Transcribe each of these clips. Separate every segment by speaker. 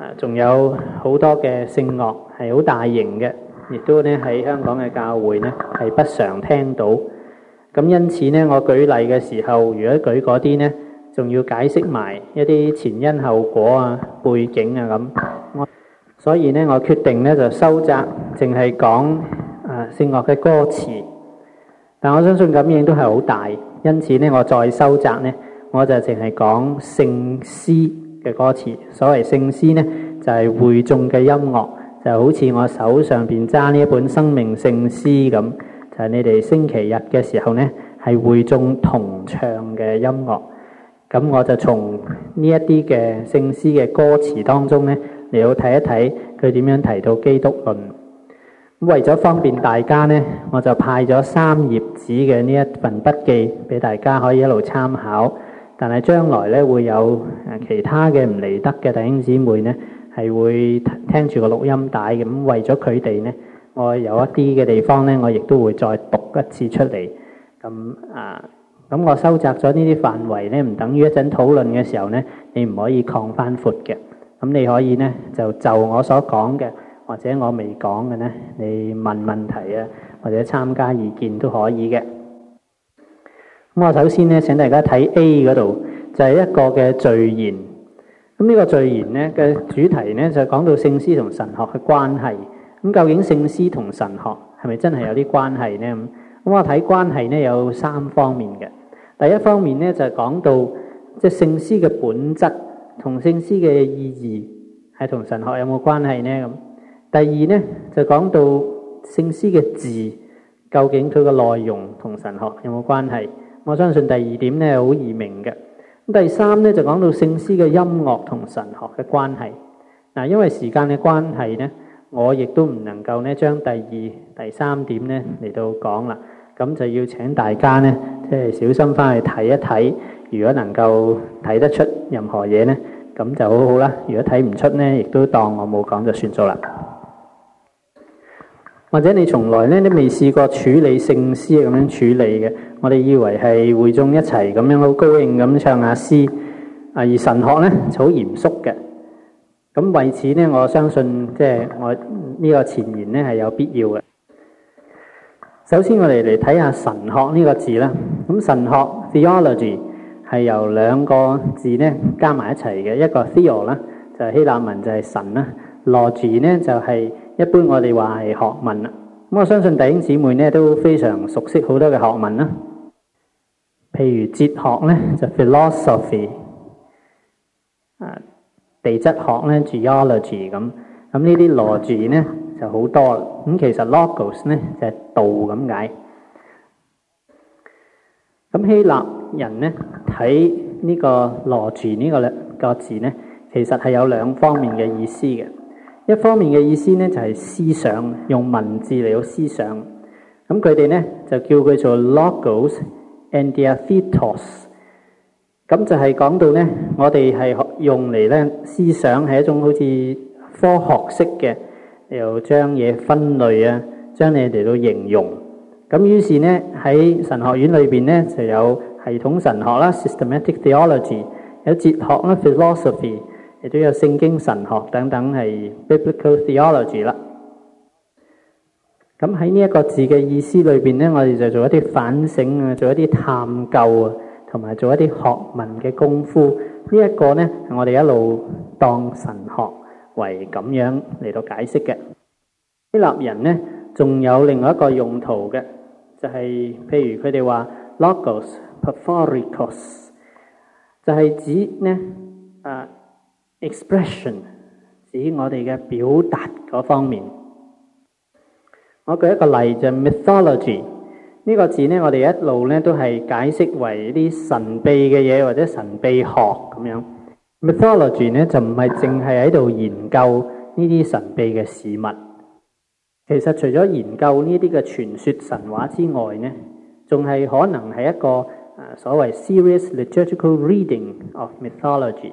Speaker 1: 啊，仲有好多嘅聖樂係好大型嘅，亦都呢喺香港嘅教會呢係不常聽到。咁因此呢，我舉例嘅時候，如果舉嗰啲呢，仲要解釋埋一啲前因後果啊、背景啊咁。我所以呢，我決定呢就收窄，淨係講啊聖樂嘅歌詞。但我相信噉樣都係好大，因此呢，我再收窄呢，我就淨係講聖詩。嘅歌詞，所謂聖詩呢，就係會眾嘅音樂，就好似我手上邊揸呢一本生命聖詩咁，就係你哋星期日嘅時候呢，係會眾同唱嘅音樂。咁我就從呢一啲嘅聖詩嘅歌詞當中呢，嚟到睇一睇佢點樣提到基督論。咁為咗方便大家呢，我就派咗三頁紙嘅呢一份筆記俾大家可以一路參考。但係將來咧會有其他嘅唔嚟得嘅弟兄姊妹咧，係會聽住個錄音帶咁，為咗佢哋咧，我有一啲嘅地方咧，我亦都會再讀一次出嚟。咁啊，咁我收窄咗呢啲範圍咧，唔等於一陣討論嘅時候咧，你唔可以擴翻闊嘅。咁你可以咧，就就我所講嘅，或者我未講嘅咧，你問問題啊，或者參加意見都可以嘅。咁我首先咧，請大家睇 A 嗰度，就係一個嘅序言。咁呢個序言咧嘅主題咧，就係講到聖詩同神學嘅關係。咁究竟聖詩同神學係咪真係有啲關係咧？咁咁我睇關係咧有三方面嘅。第一方面咧就係講到即係聖詩嘅本質同聖詩嘅意義係同神學有冇關係咧？咁第二咧就講到聖詩嘅字究竟佢個內容同神學有冇關係？我相信第二點咧好易明嘅。第三咧就講到聖詩嘅音樂同神學嘅關係。嗱，因為時間嘅關係呢，我亦都唔能夠咧將第二、第三點呢嚟到講啦。咁就要請大家呢，即係小心翻去睇一睇。如果能夠睇得出任何嘢呢，咁就好好啦。如果睇唔出呢，亦都當我冇講就算咗啦。或者你從來咧都未試過處理聖詩咁樣處理嘅，我哋以為係會眾一齊咁樣好高興咁唱下詩，啊而神學咧就好嚴肅嘅。咁為此咧，我相信即係我呢個前言咧係有必要嘅。首先我哋嚟睇下神學呢個字啦。咁神學 （theology） 係由兩個字咧加埋一齊嘅，一個 theo 啦就係希臘文就係、是、神啦，logy 咧就係、是。一般我哋話係學問呐，我相信弟兄姊妹咧都非常熟悉好多嘅學問啦，譬如哲學咧就 philosophy 啊，地質學咧 geology 咁，咁呢啲羅字咧就好多，咁其實 logos 呢就係道咁解。咁希臘人咧睇呢個羅字呢個兩個字咧，其實係有兩方面嘅意思嘅。一方面嘅意思咧就係、是、思想，用文字嚟到思想。咁佢哋咧就叫佢做 logos and the ethos。咁就係講到咧，我哋係用嚟咧思想係一種好似科學式嘅，又將嘢分類啊，將你哋到形容。咁於是咧喺神學院裏面咧就有系統神學啦 （systematic theology），有哲學啦 （philosophy）。亦都有聖經神學等等係 biblical theology 啦。咁喺呢一個字嘅意思裏邊咧，我哋就做一啲反省啊，做一啲探究啊，同埋做一啲學問嘅功夫。呢一個咧，係我哋一路當神學為咁樣嚟到解釋嘅。希臘人咧，仲有另外一個用途嘅，就係譬如佢哋話 logos perforicos，就係指咧啊。expression 指我哋嘅表達嗰方面。我舉一個例，就 mythology 呢個字咧，我哋一路咧都係解釋為啲神秘嘅嘢，或者神秘學咁樣。mythology 咧就唔係淨係喺度研究呢啲神秘嘅事物。其實除咗研究呢一啲嘅傳說神話之外咧，仲係可能係一個誒所謂 serious liturgical reading of mythology。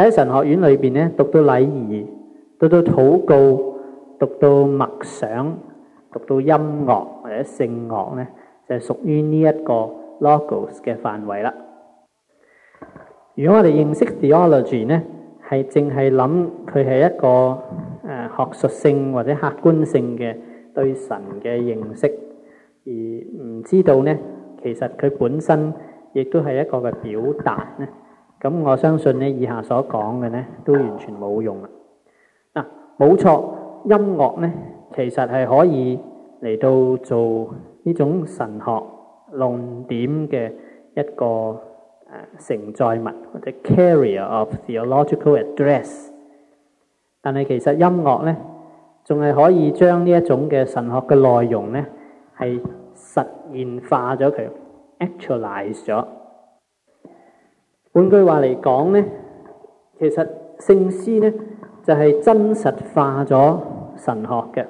Speaker 1: 喺神學院裏邊咧，讀到禮儀，讀到禱告，讀到默想，讀到音樂或者聖樂咧，就係屬於呢一個 logos 嘅範圍啦。如果我哋認識 theology 咧，係淨係諗佢係一個誒學術性或者客觀性嘅對神嘅認識，而唔知道咧，其實佢本身亦都係一個嘅表達咧。咁我相信咧，以下所講嘅咧，都完全冇用啦。嗱，冇錯，音樂咧，其實係可以嚟到做呢種神學論點嘅一個誒承載物，或者 carrier of theological address。但係其實音樂咧，仲係可以將呢一種嘅神學嘅內容咧，係實現化咗佢，actualize 咗。換句話嚟講咧，其實聖詩咧就係真實化咗神學嘅。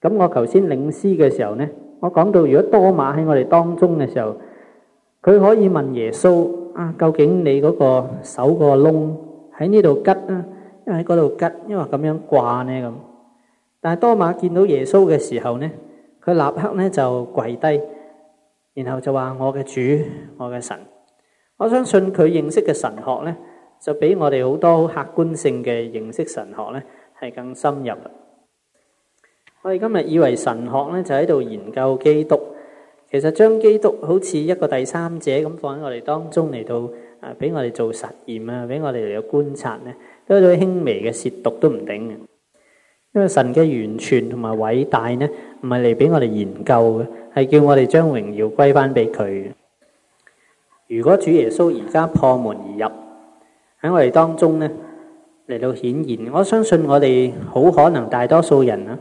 Speaker 1: 咁我頭先領詩嘅時候咧，我講到如果多馬喺我哋當中嘅時候，佢可以問耶穌啊，究竟你嗰個手個窿喺呢度吉啊，因為喺嗰度吉？因為咁樣掛呢咁。但係多馬見到耶穌嘅時候咧，佢立刻咧就跪低，然後就話我嘅主，我嘅神。我相信佢認識嘅神學咧，就比我哋好多好客觀性嘅認識神學咧，係更深入。我哋今日以為神學咧就喺度研究基督，其實將基督好似一個第三者咁放喺我哋當中嚟到，誒，俾我哋做實驗啊，俾我哋嚟到觀察咧，都有輕微嘅褻瀆都唔頂嘅。因為神嘅完全同埋偉大咧，唔係嚟俾我哋研究嘅，係叫我哋將榮耀歸翻俾佢。如果主耶穌而家破門而入喺我哋當中呢，嚟到顯現，我相信我哋好可能大多數人啦，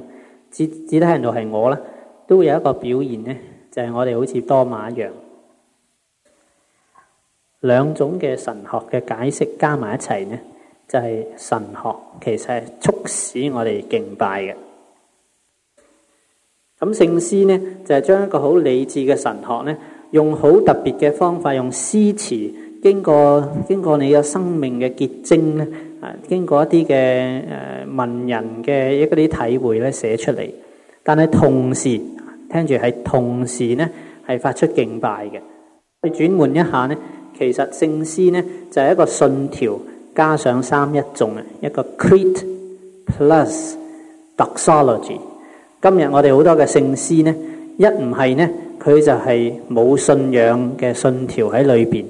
Speaker 1: 只只睇人道係我啦，都會有一個表現呢，就係我哋好似多馬一樣。兩種嘅神學嘅解釋加埋一齊呢就係神學其實係促使我哋敬拜嘅。咁聖詩呢，就係將一個好理智嘅神學呢。用好特別嘅方法，用詩詞經過經過你嘅生命嘅結晶咧，啊，經過一啲嘅誒文人嘅一嗰啲體會咧，寫出嚟。但係同時聽住係同時咧係發出敬拜嘅。轉換一下咧，其實聖詩咧就係一個信條加上三一頌啊，一個 Creed Plus Doxology。今日我哋好多嘅聖詩咧，一唔係咧。佢就係冇信仰嘅信條喺裏邊，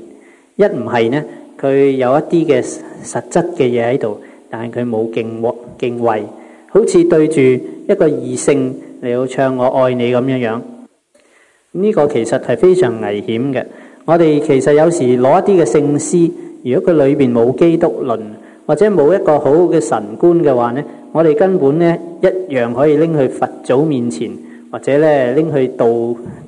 Speaker 1: 一唔係呢，佢有一啲嘅實質嘅嘢喺度，但係佢冇敬畏敬畏，好似對住一個異性嚟到唱我愛你咁樣樣。呢個其實係非常危險嘅。我哋其實有時攞一啲嘅聖詩，如果佢裏邊冇基督論或者冇一個好嘅神觀嘅話呢，我哋根本呢一樣可以拎去佛祖面前。或者咧，拎去道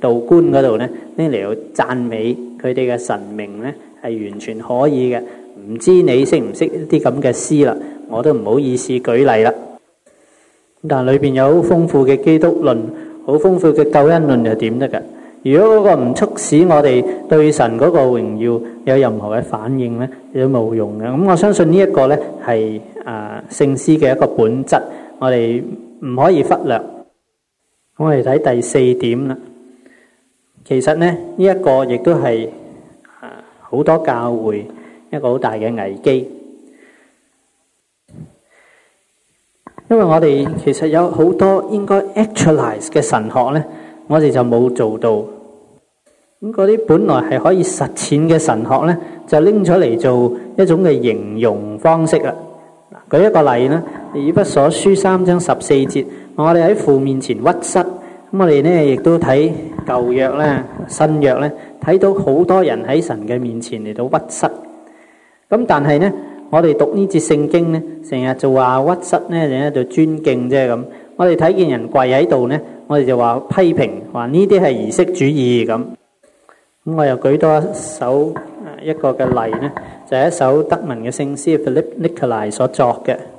Speaker 1: 道觀嗰度咧，拎嚟去讚美佢哋嘅神明咧，係完全可以嘅。唔知你識唔識一啲咁嘅詩啦？我都唔好意思舉例啦。咁但係裏邊有好豐富嘅基督論，好豐富嘅救恩論，又點得噶？如果嗰個唔促使我哋對神嗰個榮耀有任何嘅反應咧，有冇用嘅？咁我相信呢一個咧係啊聖詩嘅一個本質，我哋唔可以忽略。我哋睇第四點啦，其實咧呢一個亦都係啊好多教會一個好大嘅危機，因為我哋其實有好多應該 actualize 嘅神學咧，我哋就冇做到，咁嗰啲本來係可以實踐嘅神學咧，就拎咗嚟做一種嘅形容方式啦。舉一個例啦，《以弗所書》三章十四節。我哋喺父面前屈膝，咁我哋咧亦都睇舊約咧、新約咧，睇到好多人喺神嘅面前嚟到屈膝。咁但係咧，我哋讀呢節聖經咧，成日就話屈膝咧，就咧就尊敬啫咁。我哋睇見人跪喺度咧，我哋就話批評話呢啲係儀式主義咁。咁我又舉多一首一個嘅例咧，就係一首德文嘅聖詩 Philip Nicolai 所作嘅。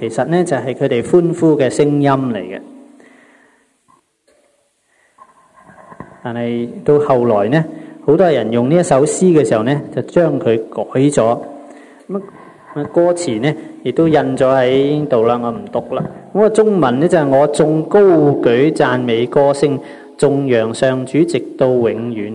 Speaker 1: 其實咧就係佢哋歡呼嘅聲音嚟嘅，但係到後來咧，好多人用呢一首詩嘅時候咧，就將佢改咗。咁啊歌詞咧亦都印咗喺度啦，我唔讀啦。咁個中文咧就係我仲高舉讚美歌聲，縱揚上主直到永遠。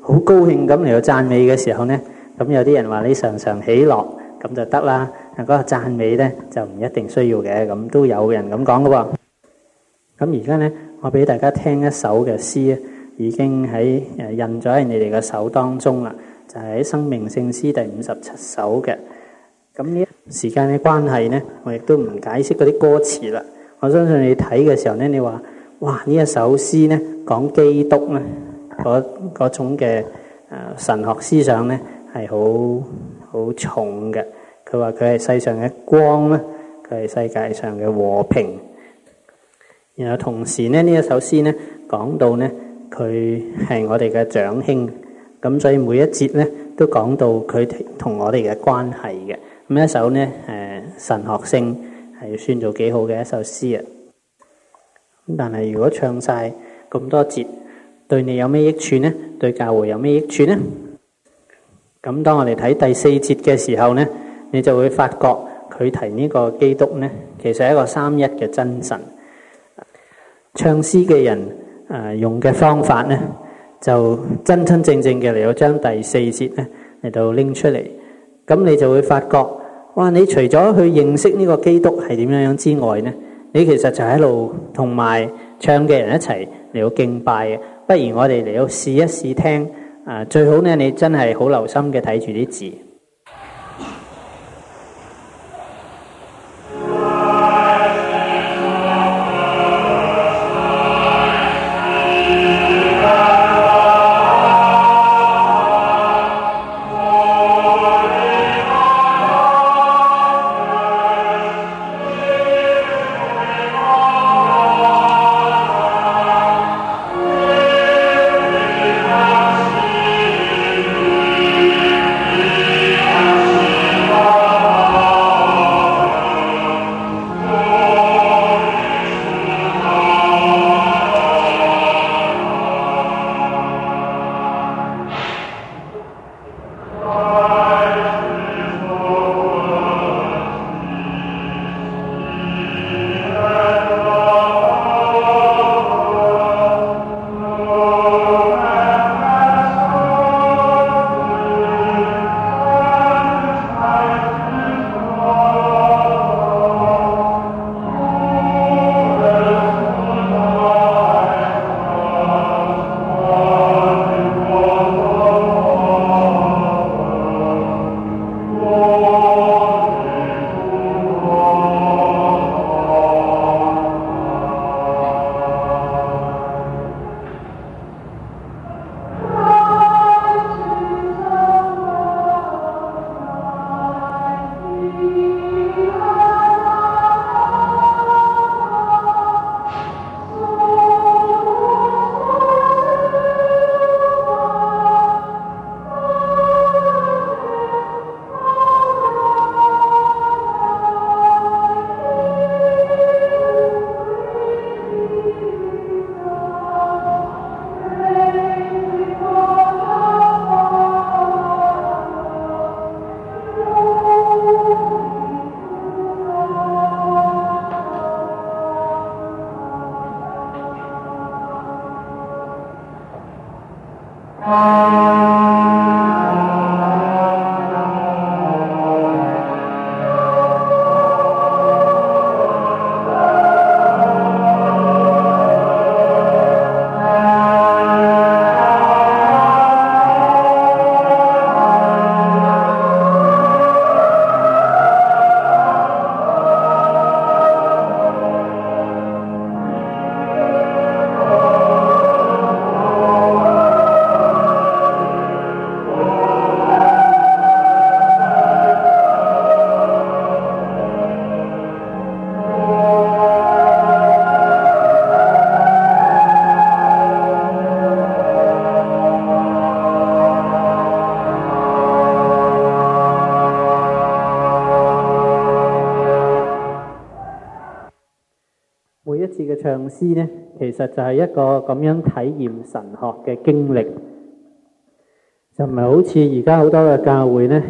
Speaker 1: 好高興咁嚟到讚美嘅時候呢，咁有啲人話你常常喜樂咁就得啦。嗱，嗰個讚美咧就唔一定需要嘅，咁都有人咁講噶喎。咁而家咧，我俾大家聽一首嘅詩啊，已經喺誒印咗喺你哋嘅手當中啦，就係喺《生命聖詩》第五十七首嘅。咁呢時間嘅關係咧，我亦都唔解釋嗰啲歌詞啦。我相信你睇嘅時候咧，你話哇呢一首詩咧講基督呢，嗰嗰種嘅啊神學思想咧係好好重嘅，佢話佢係世上嘅光啦，佢係世界上嘅和平。然後同時咧呢一首詩咧講到咧佢係我哋嘅長兄，咁所以每一節咧都講到佢同我哋嘅關係嘅。咁一首咧誒神學性係算做幾好嘅一首詩啊。咁但係如果唱晒咁多節。對你有咩益處呢？對教會有咩益處呢？咁當我哋睇第四節嘅時候呢，你就會發覺佢提呢個基督呢，其實係一個三一嘅真神。唱詩嘅人誒用嘅方法呢，就真真正正嘅嚟到將第四節呢嚟到拎出嚟。咁你就會發覺，哇！你除咗去認識呢個基督係點樣樣之外呢，你其實就喺度同埋唱嘅人一齊嚟到敬拜嘅。不如我哋嚟到試一試聽，啊，最好咧，你真係好留心嘅睇住啲字。唱詩咧，其實就係一個咁樣體驗神學嘅經歷，就唔係好似而家好多嘅教會咧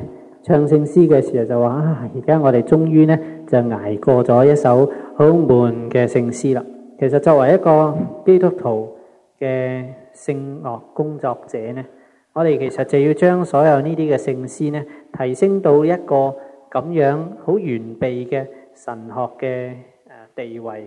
Speaker 1: 唱聖詩嘅時候就話啊，而家我哋終於咧就挨過咗一首好悶嘅聖詩啦。其實作為一個基督徒嘅聖樂工作者咧，我哋其實就要將所有呢啲嘅聖詩咧提升到一個咁樣好完備嘅神學嘅誒地位。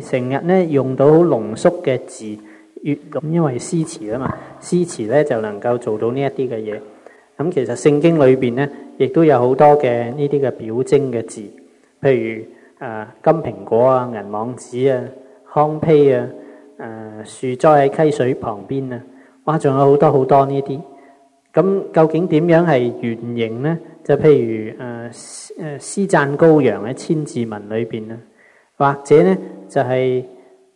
Speaker 1: 成日咧用到好濃縮嘅字，咁，因為詩詞啊嘛，詩詞咧就能夠做到呢一啲嘅嘢。咁其實聖經裏邊咧，亦都有好多嘅呢啲嘅表徵嘅字，譬如誒金蘋果啊、銀網子啊、糠秕啊、誒樹栽喺溪水旁邊啊，哇！仲有好多好多呢啲。咁究竟點樣係圓形咧？就譬如誒誒詩讚羔羊喺千字文裏邊啊，或者咧。就係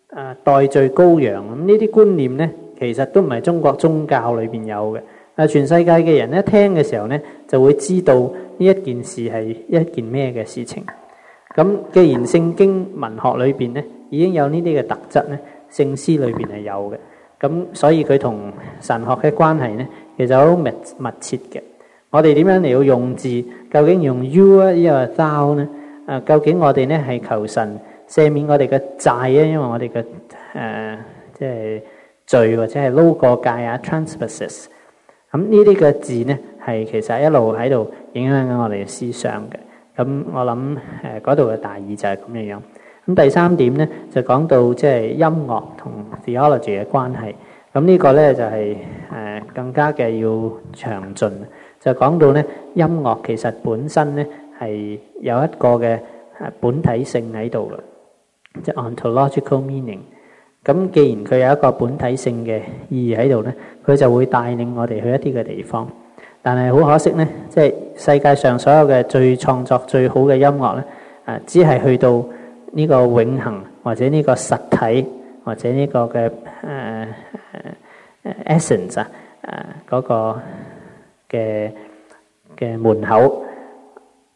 Speaker 1: 啊，代罪羔羊咁呢啲觀念咧，其實都唔係中國宗教裏邊有嘅，但係全世界嘅人一聽嘅時候咧，就會知道呢一件事係一件咩嘅事情。咁既然聖經文學裏邊咧已經有呢啲嘅特質咧，聖詩裏邊係有嘅，咁所以佢同神學嘅關係咧其實好密密切嘅。我哋點樣嚟到用字？究竟用 you 啊，呢個 thou 呢？啊，究竟我哋咧係求神，赦免我哋嘅債咧，因為我哋嘅誒即係罪或者係撈過界啊，transgresses。咁呢啲嘅字咧，係其實一路喺度影響緊我哋嘅思想嘅。咁我諗誒嗰度嘅大意就係咁嘅樣。咁第三點咧，就講到即係音樂同 theology 嘅關係。咁呢個咧就係誒更加嘅要詳盡。就講到咧音樂其實本身咧係有一個嘅本體性喺度嘅。即係 ontological meaning，咁既然佢有一個本體性嘅意義喺度咧，佢就會帶領我哋去一啲嘅地方。但係好可惜咧，即係世界上所有嘅最創作最好嘅音樂咧，啊，只係去到呢個永恆或者呢個實體或者呢個嘅 essence 啊，嗰個嘅嘅門口。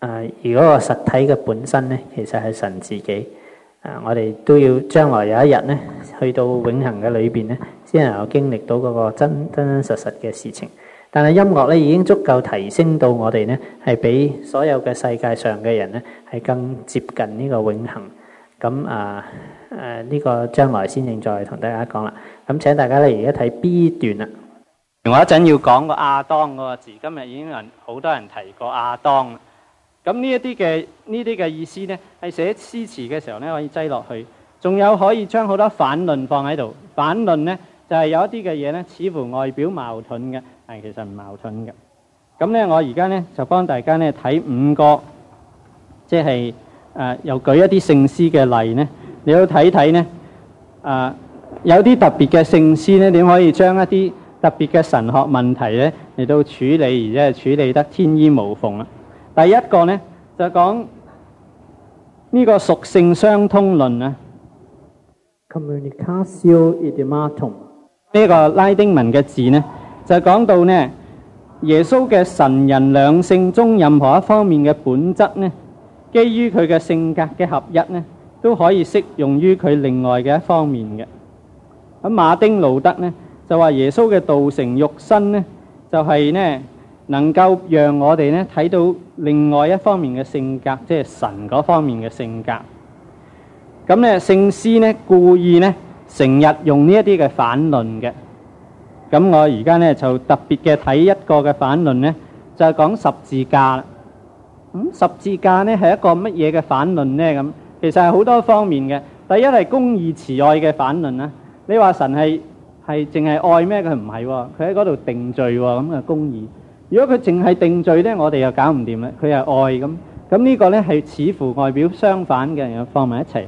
Speaker 1: 啊，而嗰個實體嘅本身咧，其實係神自己。啊！我哋都要將來有一日咧，去到永恆嘅裏邊咧，先能夠經歷到嗰個真真真實實嘅事情。但係音樂咧已經足夠提升到我哋咧，係比所有嘅世界上嘅人咧，係更接近呢個永恆。咁啊誒，呢個將來先至再同大家講啦。咁請大家咧而家睇 B 段啦。我一陣要講個亞當嗰個字，今日已經有人好多人提過亞當。咁呢一啲嘅呢啲嘅意思呢，係寫詩詞嘅時候呢，可以擠落去，仲有可以將好多反論放喺度。反論呢，就係、是、有一啲嘅嘢呢，似乎外表矛盾嘅，但其實唔矛盾嘅。咁呢，我而家呢，就幫大家呢睇五個，即係誒、呃、又舉一啲聖詩嘅例呢，你都睇睇呢。呃、有啲特別嘅聖詩呢，點可以將一啲特別嘅神學問題呢，嚟到處理，而且係處理得天衣無縫啊！第一個呢，就講呢個屬性相通論啊。呢個拉丁文嘅字呢，就講到呢，耶穌嘅神人兩性中任何一方面嘅本質呢，基於佢嘅性格嘅合一呢，都可以適用於佢另外嘅一方面嘅。咁馬丁路德呢，就話耶穌嘅道成肉身呢，就係呢。能夠讓我哋咧睇到另外一方面嘅性格，即係神嗰方面嘅性格。咁咧，聖詩咧故意咧成日用這些反論這我現在呢一啲嘅反論嘅。咁我而家咧就特別嘅睇一個嘅反論咧，就係講十字架啦。咁、嗯、十字架咧係一個乜嘢嘅反論咧？咁其實係好多方面嘅。第一係公義慈愛嘅反論啦、啊。你話神係係淨係愛咩？佢唔係喎，佢喺嗰度定罪喎、哦。咁嘅公義。如果佢淨係定罪咧，我哋又搞唔掂啦。佢係愛咁，咁呢個咧係似乎外表相反嘅，放埋一齊。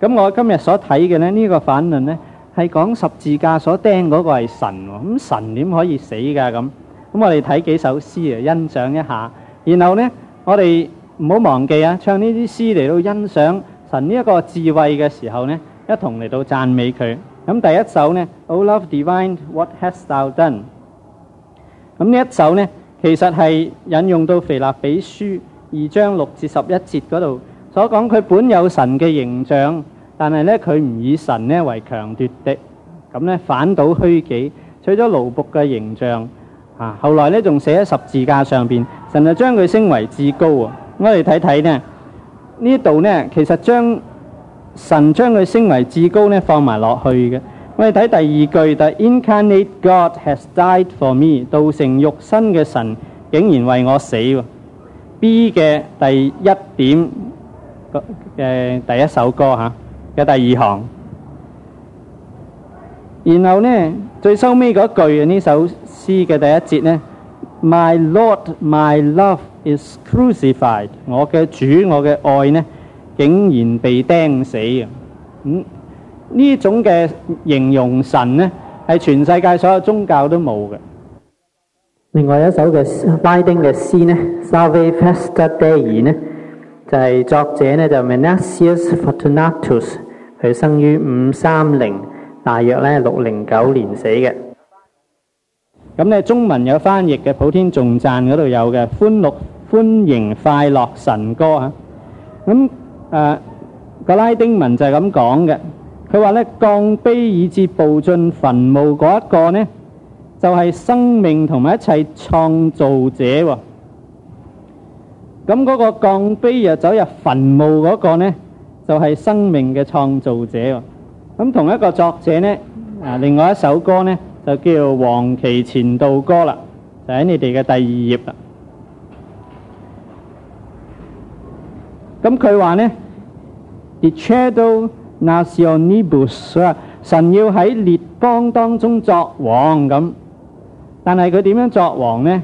Speaker 1: 咁我今日所睇嘅咧，呢個反論咧係講十字架所釘嗰個係神喎。咁神點可以死㗎？咁咁我哋睇幾首詩嚟欣賞一下。然後咧，我哋唔好忘記啊，唱呢啲詩嚟到欣賞神呢一個智慧嘅時候咧，一同嚟到讚美佢。咁第一首咧，O Love Divine，What hast thou done？咁呢一首咧。其實係引用到腓立比書二章六至十一節嗰度所講，佢本有神嘅形象，但係咧佢唔以神咧為強奪的，咁咧反倒虛己，取咗奴僕嘅形象。啊，後來咧仲寫喺十字架上邊，神就將佢升為至高啊！我哋睇睇呢呢度呢，其實將神將佢升為至高咧放埋落去嘅。我哋睇第二句，但 Incarnate God has died for me，道成肉身嘅神竟然為我死。B 嘅第一點嘅第一首歌吓嘅、啊、第二行，然後呢，最收尾嗰句嘅呢首詩嘅第一節呢：「My Lord, my love is crucified，我嘅主，我嘅愛呢，竟然被釘死啊！嗯。呢種嘅形容神咧，係全世界所有宗教都冇嘅。另外一首嘅拉丁嘅詩咧，《Salve Festa Dei》咧，就係作者咧就係 Manasius Fortunatus，佢生於五三零，大約咧六零九年死嘅。咁咧中文有翻譯嘅，《普天頌讚》嗰度有嘅，歡樂、歡迎、快樂神歌啊。咁誒個拉丁文就係咁講嘅。佢話咧，降卑以至步進墳墓嗰一個咧，就係生命同埋一切創造者喎。咁嗰個降卑又走入墳墓嗰個咧，就係生命嘅創造者喎。咁同一個作者咧，啊，另外一首歌咧，就叫《黃旗前導歌》啦，就喺你哋嘅第二頁啦。咁佢話咧，the shadow。亞士奧尼布所話，us, 神要喺列邦當中作王咁，但係佢點樣作王呢？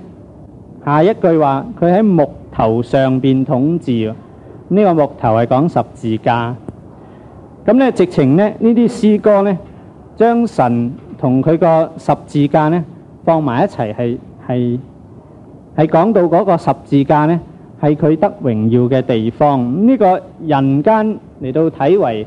Speaker 1: 下一句話，佢喺木頭上邊統治呢、呢個木頭係講十字架咁咧。直情咧，呢啲詩呢啲詩歌咧，將神同佢個十字架咧放埋一齊，係係係講到嗰個十字架咧，係佢得榮耀嘅地方。呢、呢個人間嚟到睇為。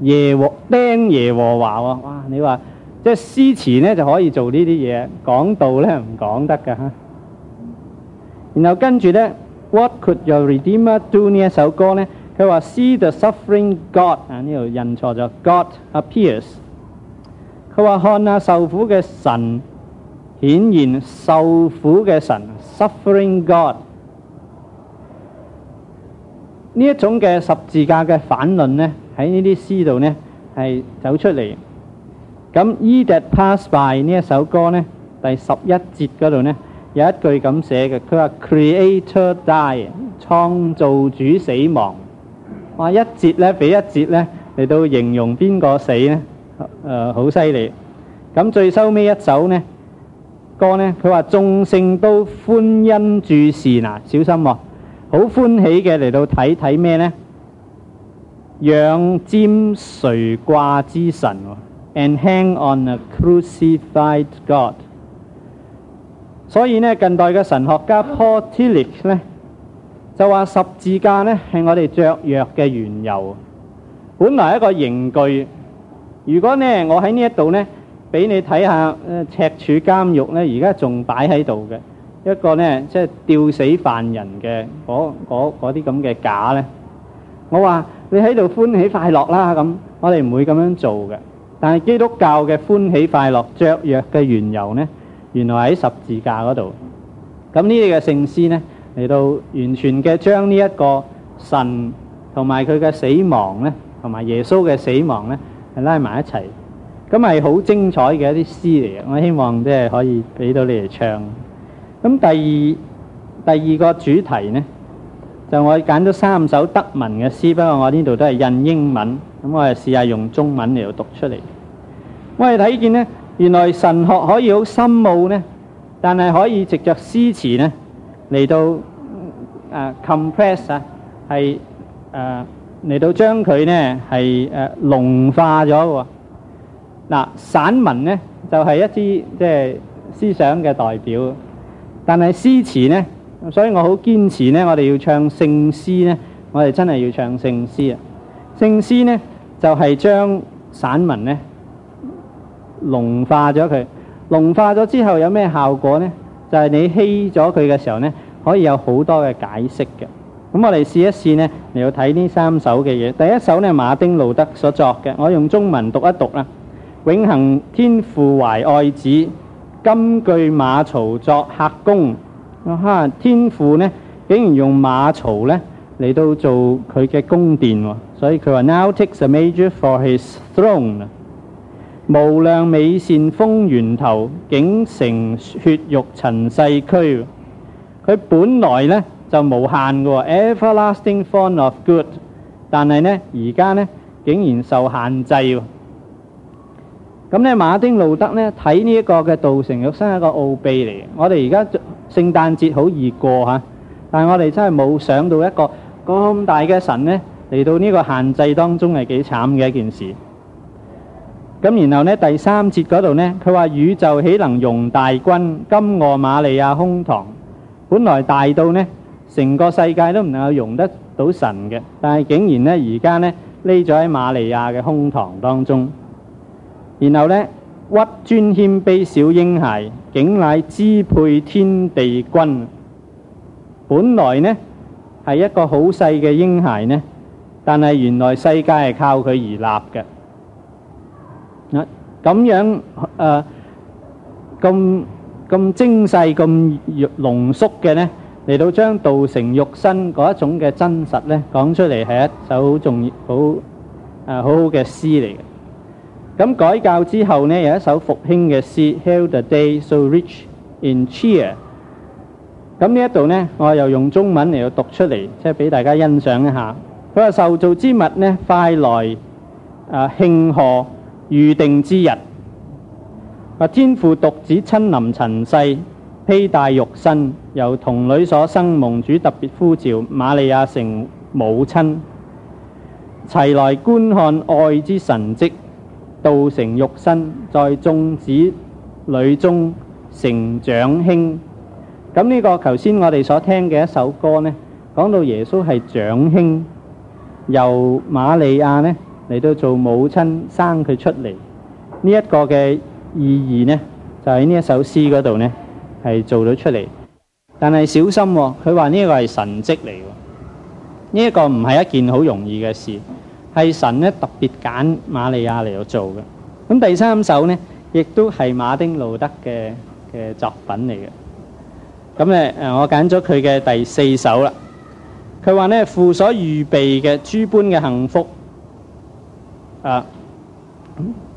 Speaker 1: 耶和釘耶和華喎，哇！你話即係詩詞咧就可以做呢啲嘢，講道咧唔講得噶吓。然後跟住咧，What could your redeemer do 呢一首歌咧？佢話 See the suffering God 啊，呢度印錯咗，God appears。佢話看下受苦嘅神，顯然受苦嘅神，suffering God。呢一種嘅十字架嘅反論咧。喺呢啲詩度呢，係走出嚟。咁《E That Pass By》呢一首歌呢，第十一節嗰度呢，有一句咁寫嘅，佢話 Creator Die，創造主死亡。哇！一節呢，比一節呢，嚟到形容邊個死呢？誒、呃，好犀利。咁最收尾一首呢，歌呢，佢話眾聖都歡欣注視，嗱，小心喎、哦，好歡喜嘅嚟到睇睇咩呢？仰尖垂掛之神，and hang on a crucified God。所以呢，近代嘅神學家 Paul Tillich 呢，就話十字架呢係我哋雀躍嘅原由。本來是一個刑具，如果呢我喺呢一度呢，俾你睇下，赤柱監獄呢，而家仲擺喺度嘅一個呢，即、就、係、是、吊死犯人嘅嗰啲咁嘅架呢。我話你喺度歡喜快樂啦咁，我哋唔會咁樣做嘅。但係基督教嘅歡喜快樂雀躍嘅緣由呢？原來喺十字架嗰度。咁呢啲嘅聖詩呢嚟到完全嘅將呢一個神同埋佢嘅死亡呢，同埋耶穌嘅死亡呢係拉埋一齊。咁係好精彩嘅一啲詩嚟嘅，我希望即係可以俾到你哋唱。咁第二第二個主題呢？就我揀咗三首德文嘅詩，不過我呢度都係印英文，咁我哋試下用中文嚟到讀出嚟。我哋睇見咧，原來神學可以好深奧咧，但係可以藉著詩詞咧嚟到啊 compress 啊，係誒嚟到將佢咧係誒融化咗喎。嗱，散文咧就係一啲即係思想嘅代表，但係詩詞咧。所以我好堅持呢，我哋要唱聖詩呢，我哋真係要唱聖詩啊。聖詩呢就係將散文呢融化咗佢，融化咗之後有咩效果呢？就係你稀咗佢嘅時候呢可以有好多嘅解釋嘅。咁我哋試一試呢，你要睇呢三首嘅嘢。第一首呢係馬丁路德所作嘅，我用中文讀一讀啦永恆天父懷愛子，今據馬槽作客公天父呢竟然用馬槽呢嚟到做佢嘅宮殿喎，所以佢話 Now takes a manger for his throne。無量美善風源頭，竟成血肉塵世區。佢本來呢就無限嘅，Everlasting font of good 但。但係呢而家呢竟然受限制。咁呢馬丁路德呢睇呢一個嘅道成肉身係一個奧秘嚟嘅。我哋而家。聖誕節好易過嚇，但係我哋真係冇想到一個咁大嘅神呢嚟到呢個限制當中係幾慘嘅一件事。咁然後呢，第三節嗰度呢，佢話宇宙豈能容大君？金額瑪利亞胸膛，本來大到呢，成個世界都唔能夠容得到神嘅，但係竟然呢，而家呢，匿咗喺瑪利亞嘅胸膛當中。然後呢。屈尊謙卑小嬰孩，竟乃支配天地君。本來呢係一個好細嘅嬰孩呢，但係原來世界係靠佢而立嘅。嗱，咁樣誒，咁咁精細咁濃縮嘅呢，嚟到將道成肉身嗰一種嘅真實呢，講出嚟係一首好重要、好誒好好嘅詩嚟嘅。咁改教之後咧，有一首復興嘅詩，Hail the day so rich in cheer。咁呢一度咧，我又用中文嚟到讀出嚟，即係俾大家欣賞一下。佢話受造之物咧，快來啊慶賀預定之日。話天父獨子親臨塵世，披戴肉身，由童女所生，蒙主特別呼召，瑪利亞成母親，齊來觀看愛之神蹟。道成肉身，在眾子女中成長兄。咁呢個頭先我哋所聽嘅一首歌呢，講到耶穌係長兄，由瑪利亞呢嚟到做母親生佢出嚟。呢一個嘅意義呢，就喺呢一首詩嗰度呢，係做到出嚟。但係小心，佢話呢個係神蹟嚟，呢一個唔係一件好容易嘅事。係神咧特別揀瑪利亞嚟度做嘅。咁第三首咧亦都係馬丁路德嘅嘅作品嚟嘅。咁咧誒我揀咗佢嘅第四首啦，佢話咧父所預備嘅諸般嘅幸福，啊，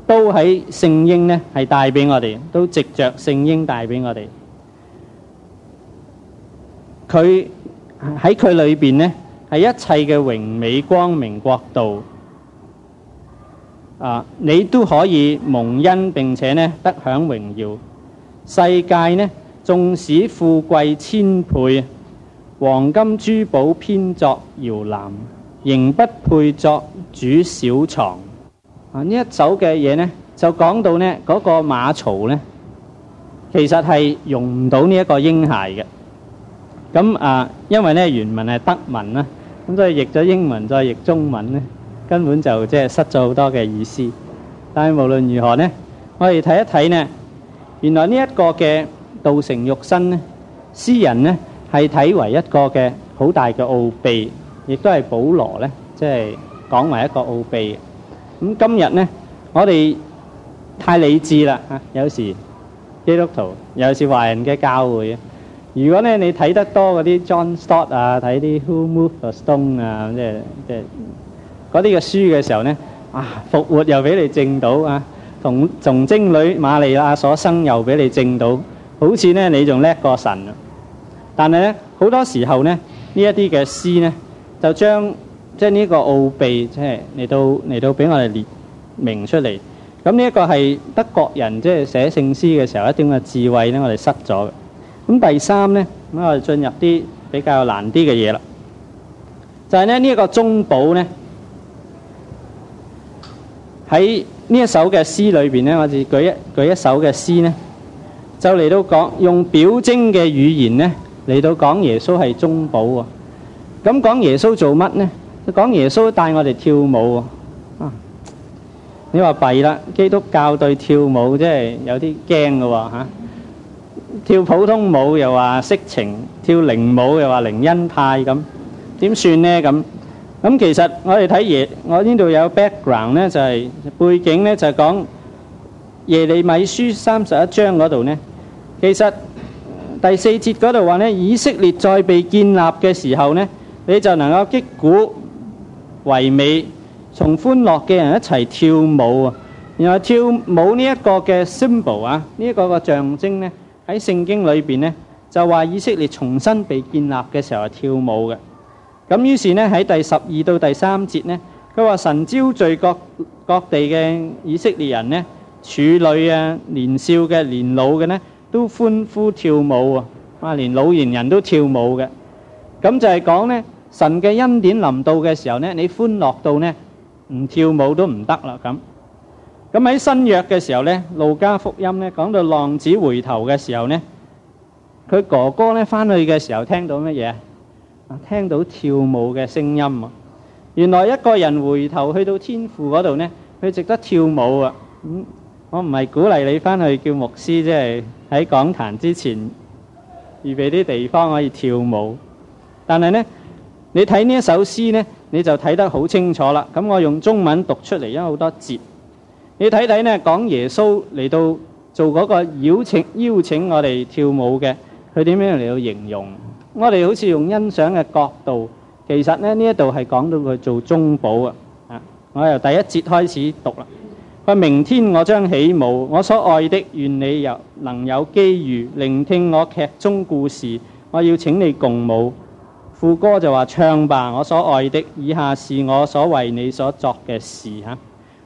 Speaker 1: 都喺聖嬰咧係帶俾我哋，都藉着聖嬰帶俾我哋，佢喺佢裏邊咧。係一切嘅榮美光明國度啊！你都可以蒙恩，並且呢得享榮耀。世界呢，縱使富貴千倍，黃金珠寶編作搖籃，仍不配作主小床。啊！呢一首嘅嘢呢，就講到呢嗰、那個馬槽呢，其實係容唔到呢一個嬰孩嘅。咁啊，因為咧原文係德文啦，咁所以譯咗英文再譯中文咧，根本就即係失咗好多嘅意思。但係無論如何咧，我哋睇一睇咧，原來呢一個嘅道成肉身咧，詩人咧係睇為一個嘅好大嘅奧秘，亦都係保羅咧即係講為一個奧秘。咁今日咧，我哋太理智啦啊！有時基督徒，有時華人嘅教會啊。如果咧你睇得多嗰啲 John Stott 啊，睇啲 Who Moved the Stone 啊，即係即係嗰啲嘅書嘅時候咧，啊復活又俾你證到啊，同從精女瑪利亞所生又俾你證到，好似咧你仲叻過神啊！但係咧好多時候咧呢一啲嘅詩咧，就將即係呢個奧秘即係嚟到嚟到俾我哋列明出嚟。咁呢一個係德國人即係寫聖詩嘅時候一啲嘅智慧咧，我哋失咗。咁第三咧，咁我哋進入啲比較難啲嘅嘢啦，就係咧，呢一個中保咧，喺呢一首嘅詩裏邊咧，我哋舉一舉一首嘅詩咧，就嚟到講用表徵嘅語言咧嚟到講耶穌係中保喎，咁講耶穌做乜咧？講耶穌帶我哋跳舞喎，啊！你話弊啦，基督教對跳舞即係有啲驚噶吓。跳普通舞又話色情，跳靈舞又話靈恩派咁點算咧？咁咁其實我哋睇耶，我呢度有 background 咧，就係背景咧就係講耶利米書三十一章嗰度咧。其實第四節嗰度話咧，以色列再被建立嘅時候咧，你就能夠擊鼓為美，同歡樂嘅人一齊跳舞啊。然後跳舞呢一個嘅 symbol 啊，呢一個個象徵咧。喺聖經裏邊呢，就話以色列重新被建立嘅時候係跳舞嘅。咁於是呢，喺第十二到第三節呢，佢話神招聚各各地嘅以色列人呢，處女啊、年少嘅、年老嘅呢，都歡呼跳舞喎。啊，連老年人，人都跳舞嘅。咁就係講呢，神嘅恩典臨到嘅時候呢，你歡樂到呢，唔跳舞都唔得啦咁。咁喺新約嘅時候咧，路加福音咧講到浪子回頭嘅時候咧，佢哥哥咧翻去嘅時候聽到乜嘢啊？聽到跳舞嘅聲音啊！原來一個人回頭去到天父嗰度咧，佢值得跳舞啊！咁我唔係鼓勵你翻去叫牧師，即係喺講壇之前預備啲地方可以跳舞，但係咧你睇呢一首詩咧，你就睇得好清楚啦。咁我用中文讀出嚟，因為好多節。你睇睇呢，講耶穌嚟到做嗰個邀請，邀請我哋跳舞嘅，佢點樣嚟到形容？我哋好似用欣賞嘅角度，其實呢，呢一度係講到佢做中保啊！我由第一節開始讀啦。佢，明天我將起舞，我所愛的，願你有能有機遇聆聽我劇中故事，我要請你共舞。副歌就話，唱吧，我所愛的，以下是我所為你所作嘅事。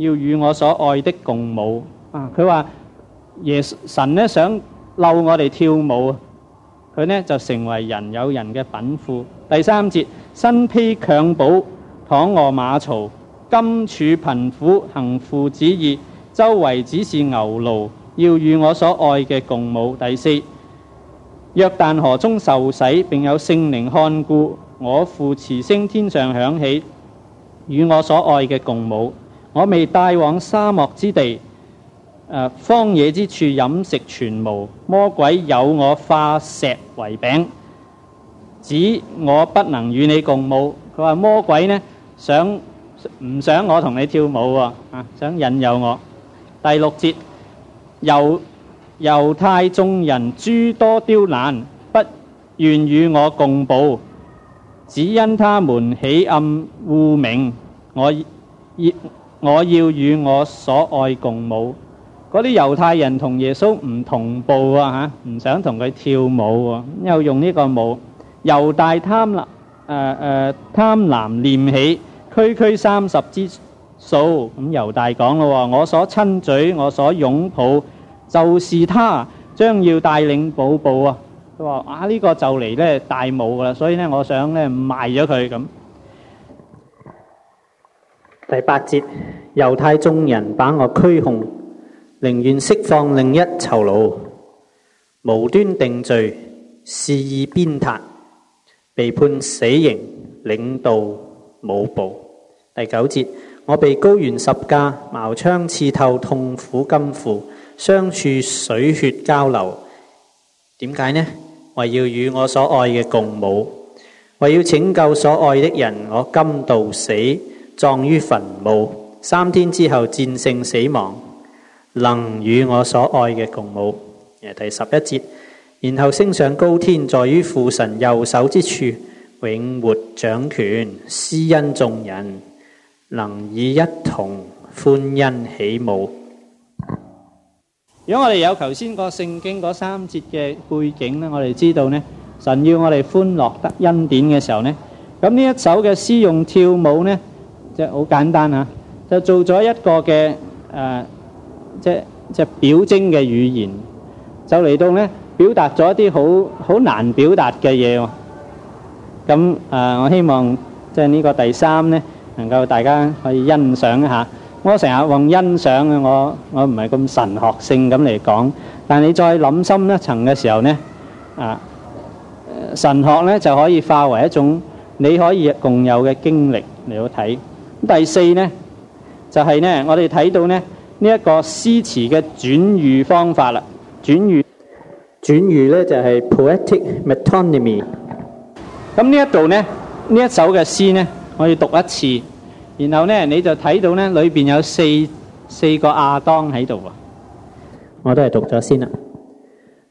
Speaker 1: 要與我所愛的共舞啊！佢話：耶神呢想嬲我哋跳舞，佢呢就成為人有人嘅稟賦。第三節，身披襁褓躺卧馬槽，甘處貧苦行父旨意，周圍只是牛牢。要與我所愛嘅共舞。第四，約但河中受洗並有聖靈看顧，我父慈聲天上響起，與我所愛嘅共舞。我未帶往沙漠之地，荒野之處飲食全無。魔鬼有我化石為餅，指我不能與你共舞。佢話魔鬼呢想唔想我同你跳舞啊、哦？想引誘我。第六節，猶猶太眾人諸多刁難，不願與我共步，只因他們起暗污名，我我要與我所愛共舞，嗰啲猶太人同耶穌唔同步啊！嚇，唔想同佢跳舞啊。又用呢個舞。猶大貪婪，誒貪婪念起，區區三十之數，咁猶大講咯，我所親嘴，我所擁抱，就是他將要帶領步步啊！佢話啊，呢、這個就嚟咧大舞㗎喇，所以咧我想咧賣咗佢咁。第八節，猶太眾人把我拘控，寧願釋放另一囚牢。無端定罪，肆意鞭撻，被判死刑，領導舞步。第九節，我被高原十架矛槍刺透，痛苦甘苦，相處水血交流。點解呢？為要與我所愛嘅共舞，為要拯救所愛的人，我甘度死。葬於墳墓，三天之後戰勝死亡，能與我所愛嘅共舞。誒，第十一節，然後升上高天，在於父神右手之處，永活掌權，施恩眾人，能以一同歡欣起舞。如果我哋有頭先個聖經嗰三節嘅背景咧，我哋知道咧，神要我哋歡樂得恩典嘅時候咧，咁呢一首嘅詩用跳舞咧。即係好簡單嚇，就做咗一個嘅誒，即係即係表徵嘅語言，就嚟到咧表達咗一啲好好難表達嘅嘢喎。咁誒，我希望即係呢個第三咧，能夠大家可以欣賞一下。我成日用欣賞嘅，我我唔係咁神學性咁嚟講，但係你再諗深一層嘅時候咧，啊神學咧就可以化為一種你可以共有嘅經歷嚟去睇。第四呢，就係、是、呢，我哋睇到呢，呢、這、一個詩詞嘅轉喻方法啦。轉喻，轉喻呢，就係、是、poetic metonymy。咁呢一度呢，呢一首嘅詩呢，我要讀一次，然後呢，你就睇到呢裏邊有四四個亞當喺度啊。我都係讀咗先啊。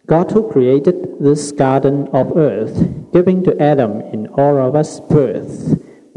Speaker 1: God who created this garden of earth, giving to Adam in all of us birth.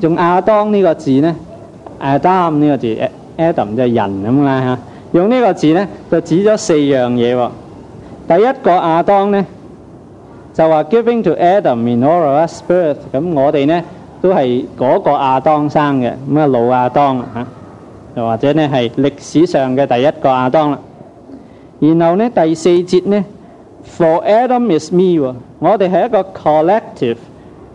Speaker 1: 用亞當呢個字咧，誒 Adam 呢個字，Adam 就係人咁啦嚇。用呢個字咧，就指咗四樣嘢。第一個亞當咧，就話 Giving to Adam in all of us birth，咁我哋咧都係嗰個亞當生嘅，咁啊老亞當啦嚇，又或者咧係歷史上嘅第一個亞當啦。然後咧第四節咧，For Adam is me，我哋係一個 collective，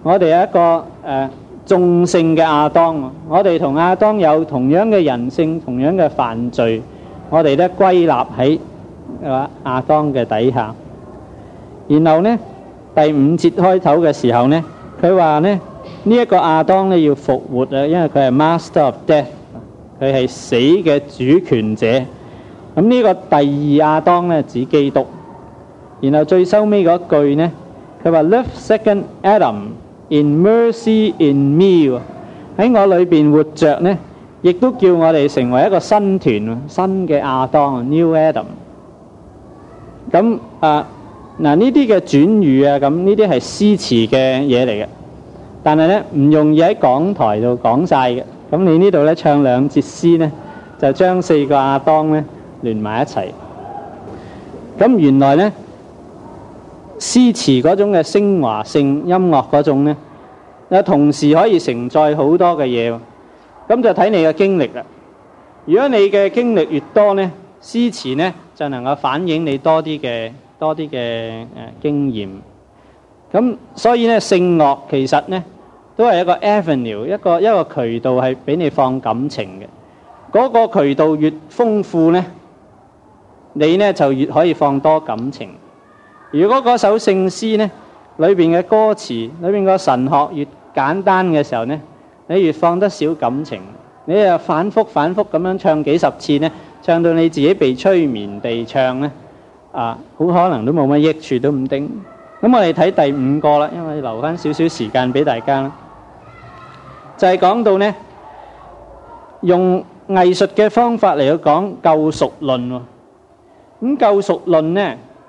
Speaker 1: 我哋係一個誒。眾性嘅亞當，我哋同亞當有同樣嘅人性、同樣嘅犯罪，我哋都歸納喺啊亞當嘅底下。然後呢第五節開頭嘅時候呢，佢話呢呢一個亞當呢要復活啊，因為佢係 master of death，佢係死嘅主權者。咁呢個第二亞當呢指基督。然後最收尾嗰句呢，佢話 live second Adam。In mercy in me 喎，喺我裏邊活着呢，亦都叫我哋成為一個新團，新嘅亞當，New Adam。咁啊，嗱呢啲嘅轉語啊，咁呢啲係詩詞嘅嘢嚟嘅，但係呢唔容易喺講台度講晒嘅。咁你呢度呢唱兩節詩呢，就將四個亞當呢連埋一齊。咁原來呢。詩詞嗰種嘅升華性音樂嗰種呢，又同時可以承載好多嘅嘢，咁就睇你嘅經歷啦。如果你嘅經歷越多呢，詩詞呢，就能夠反映你多啲嘅多啲嘅經驗。咁所以呢，聖樂其實呢，都係一個 avenue，一個一個渠道係俾你放感情嘅。嗰、嗰個渠道越豐富呢，你呢就越可以放多感情。如果嗰首聖詩咧，裏邊嘅歌詞裏邊嘅神學越簡單嘅時候咧，你越放得少感情，你又反覆反覆咁樣唱幾十次咧，唱到你自己被催眠地唱咧，啊，好可能都冇乜益處都唔定。咁我哋睇第五個啦，因為留返少少時間俾大家啦，就係講到咧用藝術嘅方法嚟去講救贖論喎。咁救贖論咧。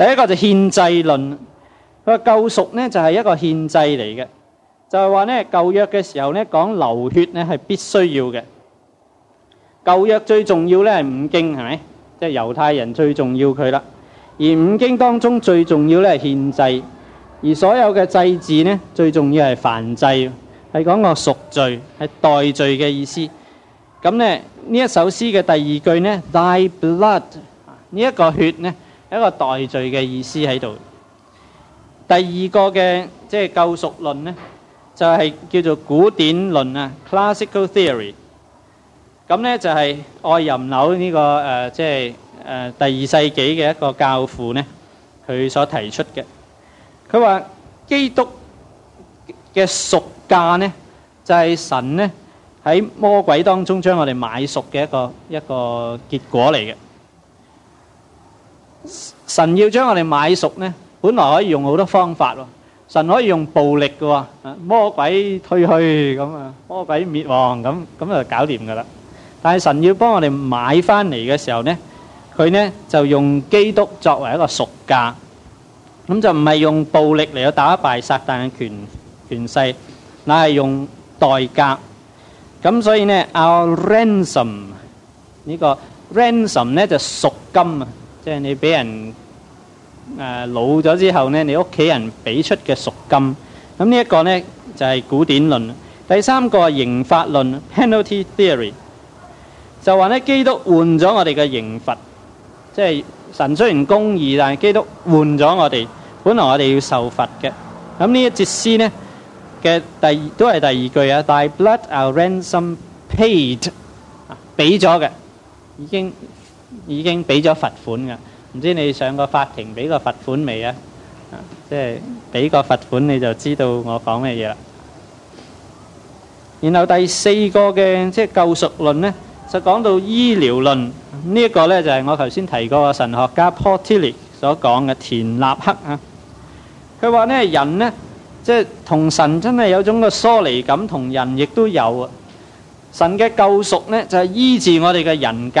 Speaker 1: 第一個就獻祭論，佢話救贖呢就係、是、一個獻祭嚟嘅，就係、是、話呢舊約嘅時候呢講流血呢係必須要嘅。舊約最重要呢係五經係咪？即係猶太人最重要佢啦。而五經當中最重要呢係獻祭，而所有嘅祭祀呢最重要係燔祭，係講個贖罪，係代罪嘅意思。咁呢呢一首詩嘅第二句呢，thy blood 呢一、這個血呢？一個代罪嘅意思喺度。第二個嘅即係救贖論咧，就係、是就是、叫做古典論啊 （classical theory）。咁咧就係、是、愛任紐呢個誒，即係誒第二世紀嘅一個教父咧，佢所提出嘅。佢話基督嘅贖價咧，就係、是、神咧喺魔鬼當中將我哋買贖嘅一個一個結果嚟嘅。神要將我哋買贖呢？本來可以用好多方法喎，神可以用暴力嘅喎，魔鬼退去咁啊，魔鬼滅亡咁咁就搞掂噶啦。但係神要幫我哋買翻嚟嘅時候呢，佢呢就用基督作為一個贖價，咁就唔係用暴力嚟到打敗撒但嘅權權勢，乃係用代價。咁所以呢，our ransom 呢個 ransom 呢就贖金啊。即係你俾人誒老咗之後咧，你屋企人俾出嘅贖金，咁呢一個咧就係古典論。第三個係刑法論 （penalty theory） 就話咧基督換咗我哋嘅刑罰，即係神雖然公義，但係基督換咗我哋。本來我哋要受罰嘅，咁呢一節詩咧嘅第二都係第二句啊，但係 blood a ransom paid 啊俾咗嘅已經。已經俾咗罰款噶，唔知你上過法庭俾個罰款未啊？即係俾個罰款你就知道我講咩嘢啦。然後第四個嘅即係救贖論咧，就講到醫療論呢一個咧，就係我頭先提過神學家 Paul Tillich 所講嘅田立克啊。佢話咧，人咧即係同神真係有種個疏離感，同人亦都有啊。神嘅救贖咧，就係醫治我哋嘅人格。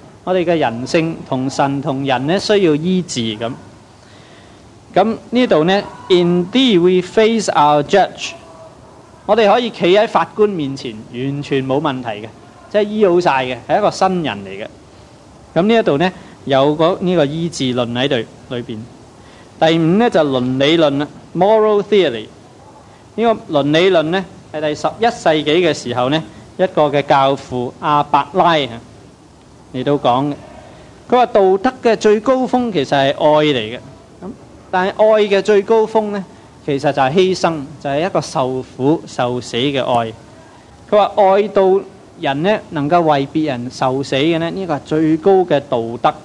Speaker 1: 我哋嘅人性同神同人咧需要醫治咁，咁呢度咧，indeed we face our judge。我哋可以企喺法官面前，完全冇問題嘅，即係醫好晒嘅，係一個新人嚟嘅。咁呢一度咧有嗰呢個醫治論喺度裏邊。第五咧就係倫理論啦，moral theory。呢，呢個倫理論咧係第十一世紀嘅時候咧，一個嘅教父阿伯拉。嚟到講，佢話道德嘅最高峰其實係愛嚟嘅。咁但係愛嘅最高峰呢，其實就係犧牲，就係一個受苦受死嘅愛。佢話愛到人呢，能夠為別人受死嘅呢，呢個係最高嘅道德。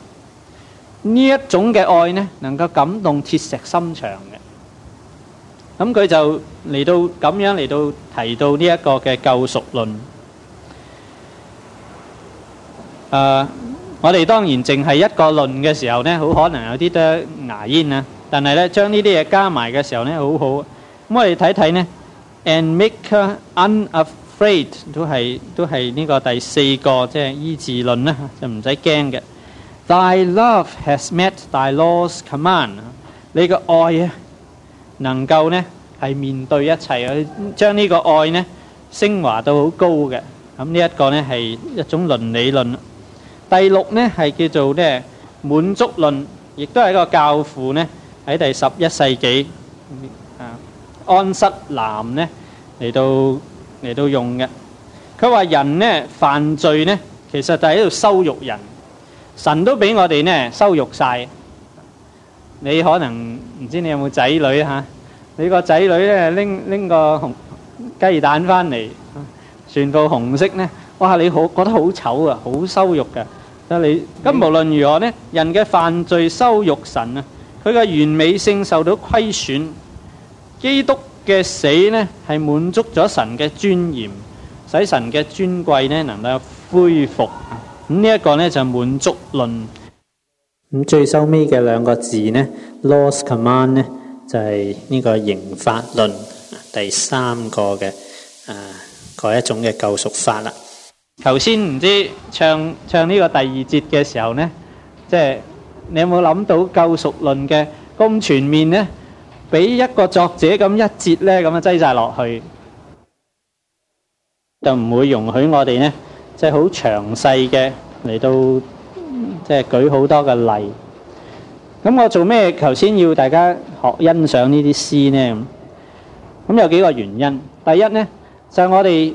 Speaker 1: 呢一種嘅愛呢，能夠感動鐵石心腸嘅。咁佢就嚟到咁樣嚟到提到呢一個嘅救贖論。誒，uh, 我哋當然淨係一個論嘅時候咧，好可能有啲得牙煙啊。但係咧，將呢啲嘢加埋嘅時候咧，好好、啊。咁我哋睇睇呢 And make her unafraid 都係都係呢個第四個即係、就是、醫治論啦、啊，就唔使驚嘅。Thy love has met thy laws command。你個愛啊，能夠呢，係面對一切啊。將呢個愛呢，昇華到好高嘅。咁呢一個呢，係一種倫理論。第六咧係叫做咧滿足論，亦都係一個教父咧喺第十一世紀，啊安瑟南咧嚟到嚟到用嘅。佢話人咧犯罪咧，其實就喺度羞辱人，神都俾我哋咧羞辱晒。你可能唔知道你有冇仔女嚇、啊？你的呢拿拿個仔女咧拎拎個紅雞蛋翻嚟、啊，全部紅色咧。哇！你好，覺得好醜啊，好羞辱嘅。但你咁無論如何呢，人嘅犯罪羞辱神啊，佢嘅完美性受到虧損。基督嘅死呢，係滿足咗神嘅尊嚴，使神嘅尊貴呢能夠恢復。咁呢一個呢，就滿足論。咁最收尾嘅兩個字呢，loss command 呢，就係呢個刑法論第三個嘅誒嗰一種嘅救贖法啦。頭先唔知唱唱呢個第二節嘅時候咧，即係你有冇諗到救贖論嘅咁全面咧？俾一個作者咁一節咧咁樣，擠晒落去，就唔會容許我哋咧，即係好詳細嘅嚟到，即係舉好多嘅例。咁我做咩頭先要大家學欣賞呢啲詩咧？咁有幾個原因，第一咧就係我哋。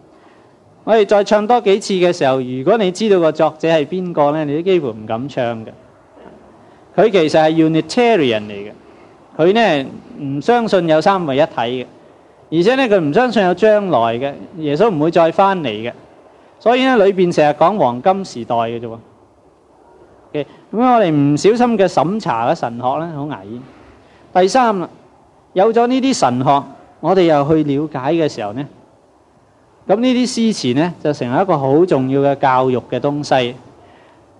Speaker 1: 我哋再唱多幾次嘅時候，如果你知道個作者係邊個呢，你都幾乎唔敢唱嘅。佢其實係 Unitarian 嚟嘅，佢呢唔相信有三位一體嘅，而且呢，佢唔相信有將來嘅，耶穌唔會再翻嚟嘅。所以呢，裏邊成日講黃金時代嘅啫。Okay，咁我哋唔小心嘅審查嘅神學呢，好危險。第三啦，有咗呢啲神學，我哋又去了解嘅時候呢。咁呢啲詩詞咧，就成為一個好重要嘅教育嘅東西。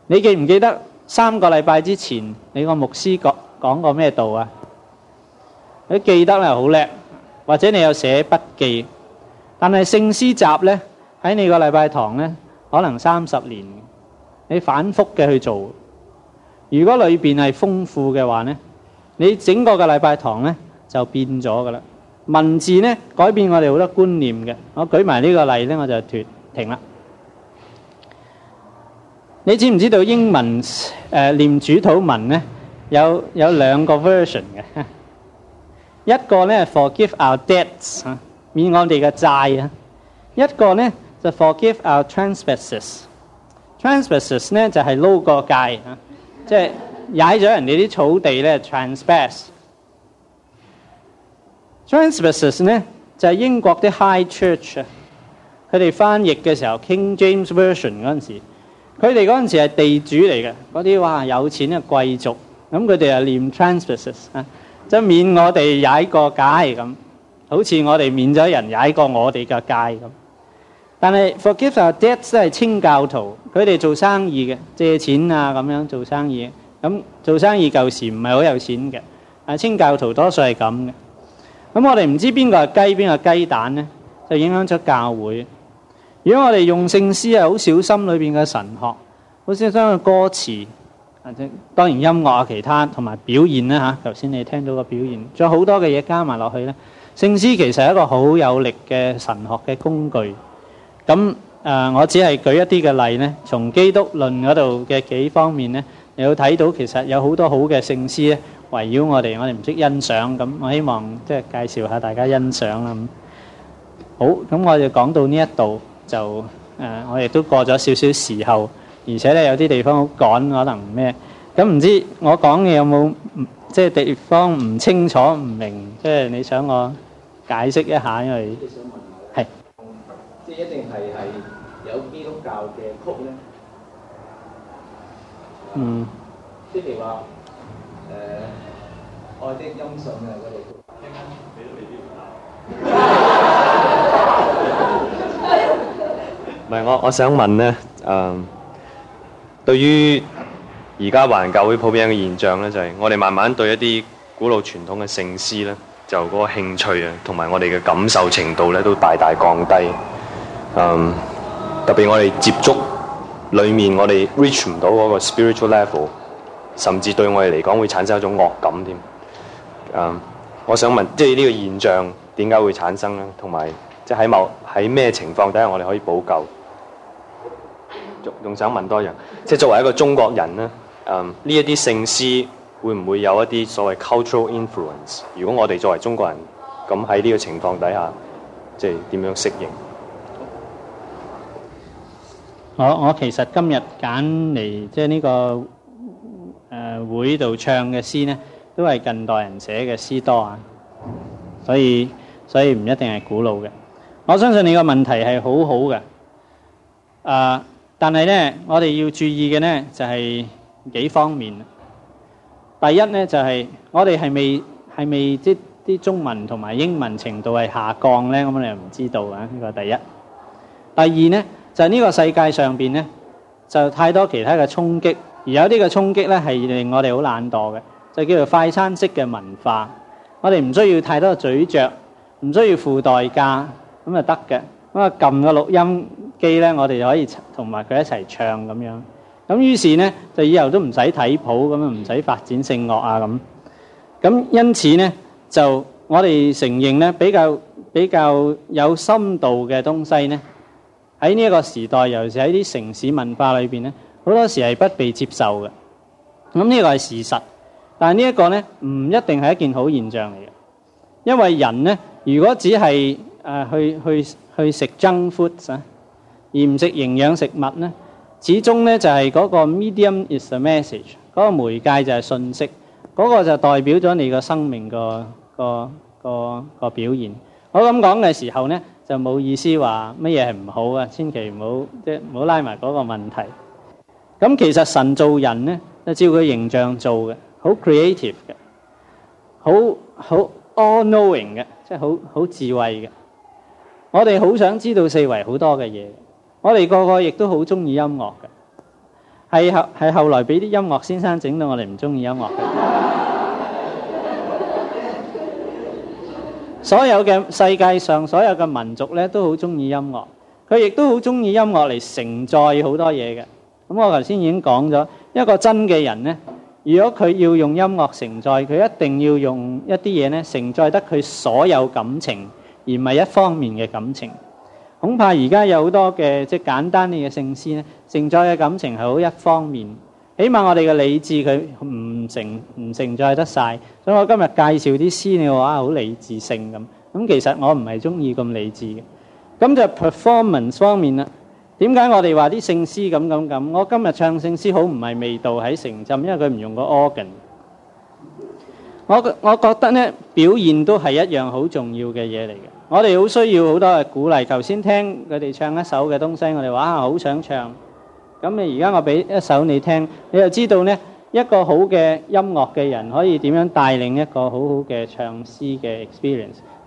Speaker 1: 你記唔記得三個禮拜之前，你個牧師講講過咩道啊？你記得咧好叻，或者你有寫筆記。但係聖詩集咧，喺你個禮拜堂咧，可能三十年你反覆嘅去做。如果裏面係豐富嘅話咧，你整個嘅禮拜堂咧就變咗噶啦。文字咧改變我哋好多觀念嘅，我舉埋呢個例咧，我就脱停啦。你知唔知道英文誒《呃、念主禱文呢》咧有有兩個 version 嘅？一個咧 forgive our debts、啊、免我哋嘅債啊；一個咧就 forgive our trespasses trespass 咧就係撈過界啊，即係 踩咗人哋啲草地咧 trespass Trespasses 咧就係、是、英國啲 High Church 啊，佢哋翻譯嘅時候 King James Version 嗰陣時，佢哋嗰陣時係地主嚟嘅，嗰啲哇有錢嘅貴族，咁佢哋啊念 Trespasses 啊，即、就、係、是、免我哋踩過界咁，好似我哋免咗人踩過我哋嘅界咁。但係 Forgive us our debts 都係清教徒，佢哋做生意嘅，借錢啊咁樣做生意，咁做生意舊時唔係好有錢嘅，啊清教徒多數係咁嘅。咁我哋唔知邊個係雞，邊個雞蛋呢？就影響咗教會。如果我哋用聖詩係好小心裏邊嘅神學，好小心嘅歌詞，當然音樂啊其他同埋表現啦嚇，頭、啊、先你聽到個表現，仲有好多嘅嘢加埋落去呢。聖詩其實係一個好有力嘅神學嘅工具。咁誒，我只係舉一啲嘅例呢，從基督論嗰度嘅幾方面呢，你會睇到其實有好多好嘅聖詩咧。圍繞我哋，我哋唔識欣賞，咁我希望即係介紹下大家欣賞啦。好，咁我哋講到呢一度就誒，我亦都過咗少少時候，而且咧有啲地方好趕，可能咩？咁唔知我講嘅有冇即係地方唔清楚，唔明，即係你想我解釋一下，因為係即係一定係係有基督教嘅曲咧，嗯，即係話。誒我的音訊啊嗰度聽啊，你都未必打。唔係，我我想問咧，誒對於而家環教會普遍嘅現象咧，就係我哋慢慢對一啲古老傳統嘅聖詩咧，就嗰個興趣啊，同埋我哋嘅感受程度咧，都大大降低。嗯，特別我哋接觸裡面，我哋 reach 唔到嗰個 spiritual level。甚至對我哋嚟講會產生一種惡感添。Um, 我想問，即係呢個現象點解會產生呢？同埋即係喺某喺咩情況底下，我哋可以補救？仲想問多人，即係作為一個中國人呢，呢一啲聖詩會唔會有一啲所謂 cultural influence？如果我哋作為中國人，咁喺呢個情況底下，即係點樣適應？我，我其實今日揀嚟即係呢個。會度唱嘅詩咧，都係近代人寫嘅詩多啊，所以所以唔一定係古老嘅。我相信你個問題係好好嘅，啊！但係咧，我哋要注意嘅咧就係幾方面。第一咧就係我哋係咪係咪即啲中文同埋英文程度係下降咧，咁你又唔知道啊。呢個第一。第二咧就係呢個世界上邊咧就太多其他嘅衝擊。而有啲嘅衝擊咧，係令我哋好懶惰嘅，就叫做快餐式嘅文化。我哋唔需要太多嘅咀嚼，唔需要付代價，咁就得嘅。咁啊，撳個錄音機咧，我哋就可以同埋佢一齊唱咁樣。咁於是咧，就以後都唔使睇譜咁樣，唔使發展聖樂啊咁。咁因此咧，就我哋承認咧，比較比較有深度嘅東西咧，喺呢一個時代，尤其是喺啲城市文化裏邊咧。好多時係不被接受嘅，咁呢個係事實。但係呢一個咧，唔一定係一件好現象嚟嘅，因為人咧，如果只係誒去去去食 junk food 啊，而唔食營養食物咧，始終咧就係嗰個 medium is the message，嗰個媒介就係信息，嗰、嗰個就代表咗你個生命個、嗰個、嗰個、嗰個表現。我咁講嘅時候咧，就冇意思話乜嘢係唔好啊，千祈唔好即係唔好拉埋嗰個問題。咁其實神造人咧，就照佢形象做嘅，好 creative 嘅，好好 all-knowing 嘅，即係好好智慧嘅。我哋好想知道四圍好多嘅嘢。我哋個個亦都好中意音樂嘅，係後係後來俾啲音樂先生整到我哋唔中意音樂嘅。所有嘅世界上所有嘅民族咧，都好中意音樂。佢亦都好中意音樂嚟承載好多嘢嘅。咁我頭先已經講咗，一個真嘅人呢，如果佢要用音樂承載，佢一定要用一啲嘢呢承載得佢所有感情，而唔係一方面嘅感情。恐怕而家有好多嘅即係簡單啲嘅聖詩呢，承載嘅感情係好一方面。起碼我哋嘅理智佢唔承唔承載得晒。所以我今日介紹啲詩嘅話，好理智性咁。咁其實我唔係中意咁理智嘅。咁就是 performance 方面啦。點解我哋話啲聖詩咁咁咁？我今日唱聖詩好唔係味道喺成浸，因為佢唔用個 organ。我我覺得呢，表現都係一樣好重要嘅嘢嚟嘅。我哋好需要好多嘅鼓勵。頭先聽佢哋唱一首嘅東西，我哋話，啊，好想唱。咁你而家我俾一首你聽，你就知道呢，一個好嘅音樂嘅人可以點樣帶領一個好好嘅唱詩嘅 experience。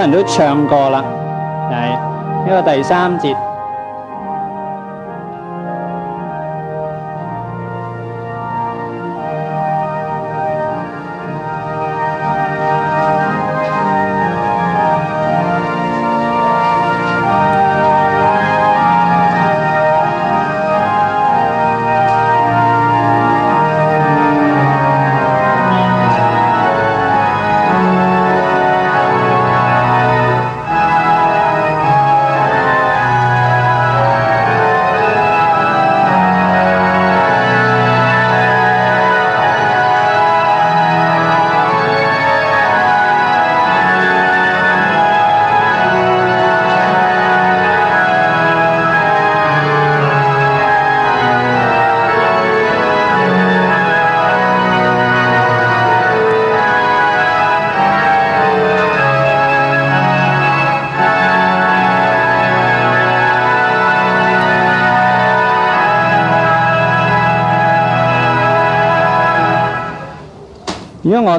Speaker 1: 很多人都唱過了，這是第三節。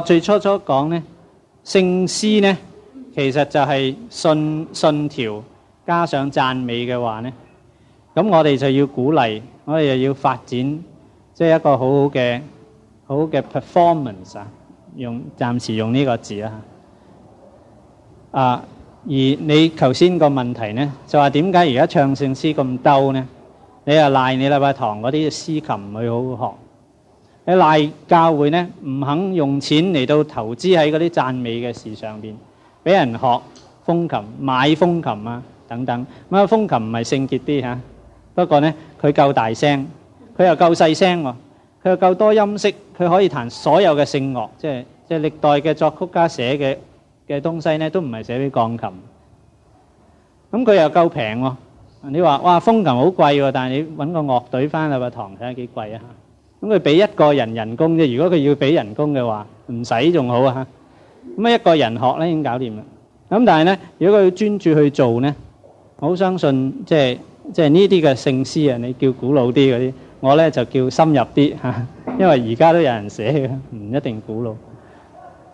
Speaker 1: 我最初初講咧，聖詩咧其實就係信信條加上讚美嘅話咧，咁我哋就要鼓勵，我哋又要發展，即係一個好好嘅好嘅 performance 啊！用暫時用呢個字啦嚇。啊，而你頭先個問題咧，就話點解而家唱聖詩咁兜咧？你又賴你禮拜堂嗰啲詩琴去好學？喺賴教會咧，唔肯用錢嚟到投資喺嗰啲讚美嘅事上邊，俾人學風琴、買風琴啊等等。咁啊，風琴唔係聖潔啲嚇，不過咧佢夠大聲，佢又夠細聲喎，佢又夠多音色，佢可以彈所有嘅聖樂，即係即係歷代嘅作曲家寫嘅嘅東西咧，都唔係寫俾鋼琴。咁佢又夠平喎。你話哇風琴好貴喎，但係你搵個樂隊翻嚟個堂睇下幾貴啊。咁佢俾一個人人工啫，如果佢要俾人工嘅話，唔使仲好啊！咁啊，一個人學咧已經搞掂啦。咁但係咧，如果佢要專注去做咧，我好相信，即係即係呢啲嘅聖詩啊，你叫古老啲嗰啲，我咧就叫深入啲嚇，因為而家都有人寫嘅，唔一定古老，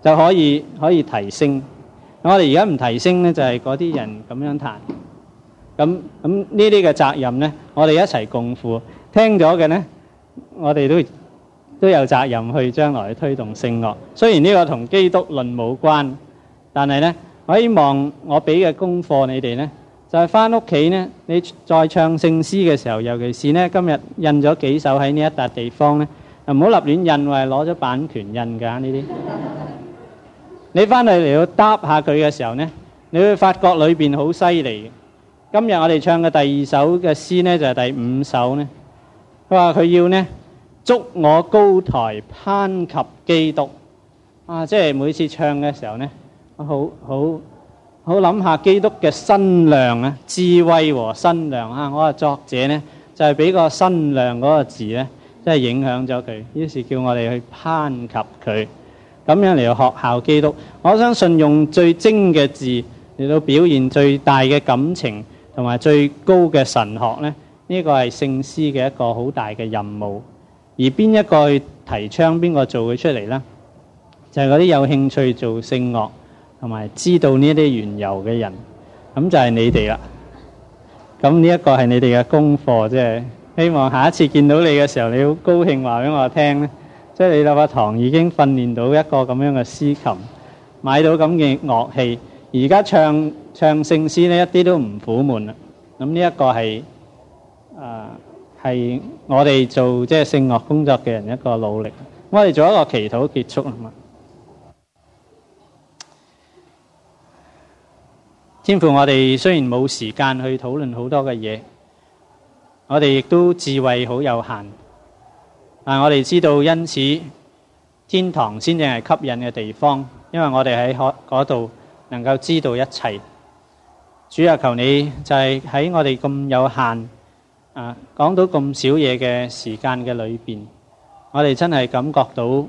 Speaker 1: 就可以可以提升。我哋而家唔提升咧，就係嗰啲人咁樣彈。咁咁呢啲嘅責任咧，我哋一齊共負。聽咗嘅咧。我哋都都有責任去將來去推動聖樂，雖然呢個同基督論冇關，但係咧，我希望我俾嘅功課你哋咧，就係翻屋企咧，你再唱聖詩嘅時候，尤其是咧今日印咗幾首喺呢一笪地方咧，唔好立亂印或攞咗版權印噶呢啲。你翻去嚟到答下佢嘅時候咧，你會發覺裏邊好犀利。今日我哋唱嘅第二首嘅詩咧，就係第五首咧。佢話佢要呢，祝我高台攀及基督啊！即係每次唱嘅時候呢，我好好好諗下基督嘅身量啊，智慧和身量啊！我話作者呢，就係、是、俾個身量嗰個字呢，即係影響咗佢，於是叫我哋去攀及佢，咁樣嚟到學效基督。我相信用最精嘅字嚟到表現最大嘅感情同埋最高嘅神學呢。呢一個係聖詩嘅一個好大嘅任務，而邊一個去提倡，邊個做佢出嚟呢？就係嗰啲有興趣做聖樂，同埋知道呢啲緣由嘅人，咁就係你哋啦。咁呢一個係你哋嘅功課，即係希望下一次見到你嘅時候，你好高興話俾我聽咧。即係你那把堂已經訓練到一個咁樣嘅詩琴，買到咁嘅樂器，而家唱唱聖詩呢，一啲都唔苦悶啦。咁呢一個係。誒，係、uh, 我哋做即係聖樂工作嘅人一個努力。我哋做一個祈禱結束嘛。天父，我哋雖然冇時間去討論好多嘅嘢，我哋亦都智慧好有限。但我哋知道，因此天堂先至係吸引嘅地方，因為我哋喺可嗰度能夠知道一切。主啊，求你就係喺我哋咁有限。啊，講到咁少嘢嘅時間嘅裏邊，我哋真係感覺到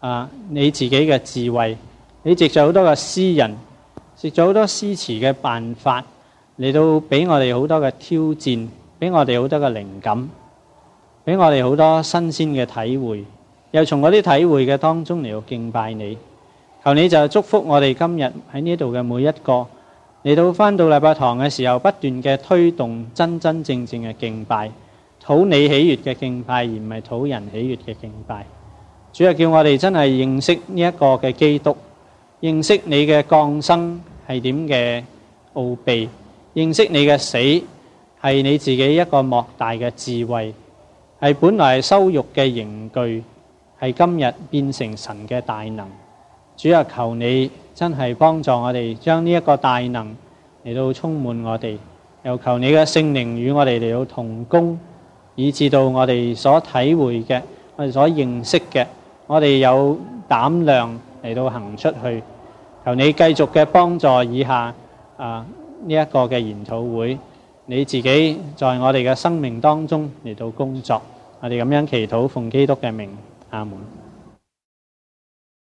Speaker 1: 啊，你自己嘅智慧，你藉咗好多嘅詩人，藉咗好多詩詞嘅辦法嚟到俾我哋好多嘅挑戰，俾我哋好多嘅靈感，俾我哋好多新鮮嘅體會，又從嗰啲體會嘅當中嚟到敬拜你，求你就祝福我哋今日喺呢度嘅每一個。嚟到返到禮拜堂嘅時候，不斷嘅推動真真正正嘅敬拜，討你喜悅嘅敬拜，而唔係討人喜悅嘅敬拜。主要叫我哋真係認識呢一個嘅基督，認識你嘅降生係點嘅奧秘，認識你嘅死係你自己一個莫大嘅智慧，係本來係羞辱嘅刑具，係今日變成神嘅大能。主要求你。真係幫助我哋將呢一個大能嚟到充滿我哋，又求你嘅聖靈與我哋嚟到同工，以至到我哋所體會嘅，我哋所認識嘅，我哋有膽量嚟到行出去。求你繼續嘅幫助以下啊呢一個嘅研討會，你自己在我哋嘅生命當中嚟到工作，我哋咁樣祈禱奉基督嘅名，阿門。